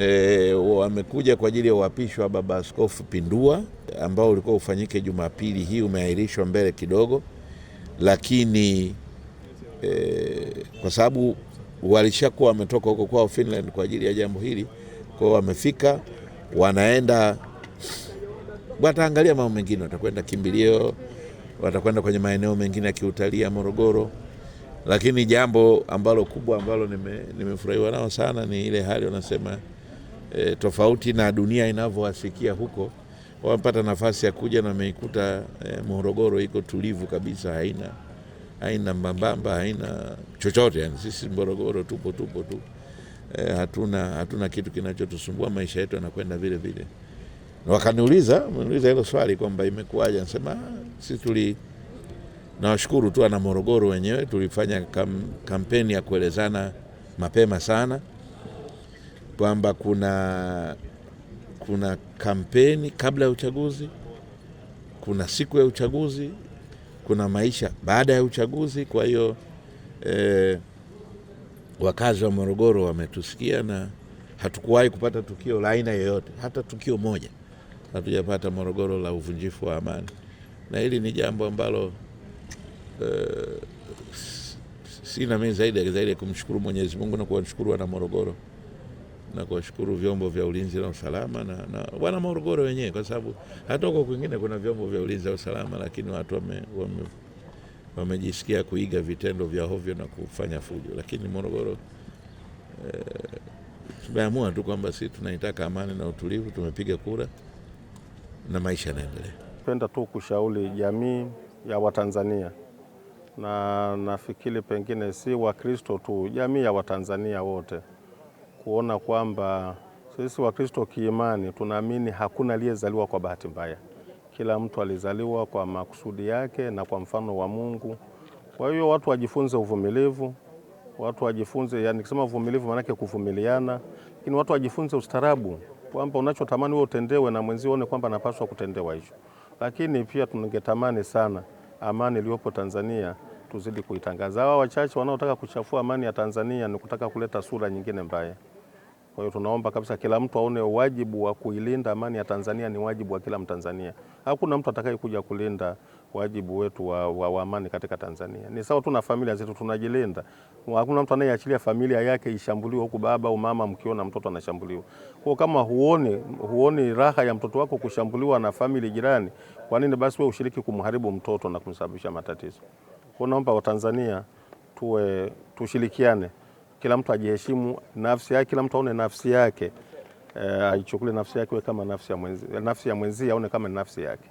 E, wamekuja kwa ajili ya uhapisho wa Baba Askofu Pindua ambao ulikuwa ufanyike Jumapili hii, umeahirishwa mbele kidogo, lakini e, kwa sababu walishakuwa wametoka huko kwao Finland kwa ajili ya jambo hili, kwao wamefika, wanaenda wataangalia mambo mengine, watakwenda kimbilio, watakwenda kwenye maeneo mengine ya kiutalii ya Morogoro lakini jambo ambalo kubwa ambalo nimefurahiwa nao sana ni ile hali wanasema e, tofauti na dunia inavyowasikia huko, wamepata nafasi ya kuja na wameikuta e, Morogoro iko tulivu kabisa, haina haina mbambamba, haina chochote yani. Sisi Morogoro tupo tupo tu e, hatuna, hatuna kitu kinachotusumbua, maisha yetu yanakwenda vile vile. Wakaniuliza niuliza hilo swali kwamba imekuwaje, nasema ah, sisi tuli nawashukuru tu ana Morogoro wenyewe tulifanya kam, kampeni ya kuelezana mapema sana kwamba kuna, kuna kampeni kabla ya uchaguzi, kuna siku ya uchaguzi, kuna maisha baada ya uchaguzi. Kwa hiyo eh, wakazi wa Morogoro wametusikia na hatukuwahi kupata tukio la aina yoyote, hata tukio moja hatujapata Morogoro la uvunjifu wa amani, na hili ni jambo ambalo eh, sina mimi zaidi zaidi ya kumshukuru Mwenyezi Mungu na kuwashukuru wana Morogoro na kuwashukuru vyombo vya ulinzi na usalama na, na wana Morogoro wenyewe, kwa sababu hata huko kwingine kuna vyombo vya ulinzi na usalama, lakini watu wame, wame, wamejisikia kuiga vitendo vya hovyo na kufanya fujo, lakini Morogoro eh, tumeamua tu kwamba sisi tunaitaka amani na utulivu. Tumepiga kura na maisha yanaendelea. Penda tu kushauri jamii ya Watanzania na nafikiri pengine si Wakristo tu, jamii ya Watanzania wote kuona kwamba sisi Wakristo kiimani tunaamini hakuna aliyezaliwa kwa bahati mbaya. Kila mtu alizaliwa kwa makusudi yake na kwa mfano wa Mungu. Kwa hiyo watu wajifunze uvumilivu, watu wajifunze, yani kusema uvumilivu maanake kuvumiliana, lakini watu wajifunze ustarabu kwamba unachotamani wewe utendewe na mwenzio uone kwamba napaswa kutendewa hicho. Lakini pia tungetamani sana amani iliyopo Tanzania tuzidi kuitangaza. Hawa wachache wanaotaka kuchafua amani ya Tanzania ni kutaka kuleta sura nyingine mbaya. Kwa hiyo tunaomba kabisa kila mtu aone wajibu wa kuilinda amani ya Tanzania ni wajibu wa kila Mtanzania. Hakuna mtu atakayekuja kulinda wajibu wetu wa, wa, wa amani katika Tanzania. Ni sawa tu na familia zetu tunajilinda. Hakuna mtu anayeachilia familia yake ishambuliwe huku baba au mama mkiona mtoto anashambuliwa. Kwa kama huoni, huoni raha ya mtoto wako kushambuliwa na famili jirani, kwa nini basi wewe ushiriki kumharibu mtoto na kumsababisha matatizo? Kwa naomba Watanzania tuwe tushirikiane kila mtu ajiheshimu nafsi yake, kila mtu aone nafsi yake, eh, aichukule nafsi yake kama nafsi ya mwenzi, nafsi ya mwenzi aone kama nafsi yake.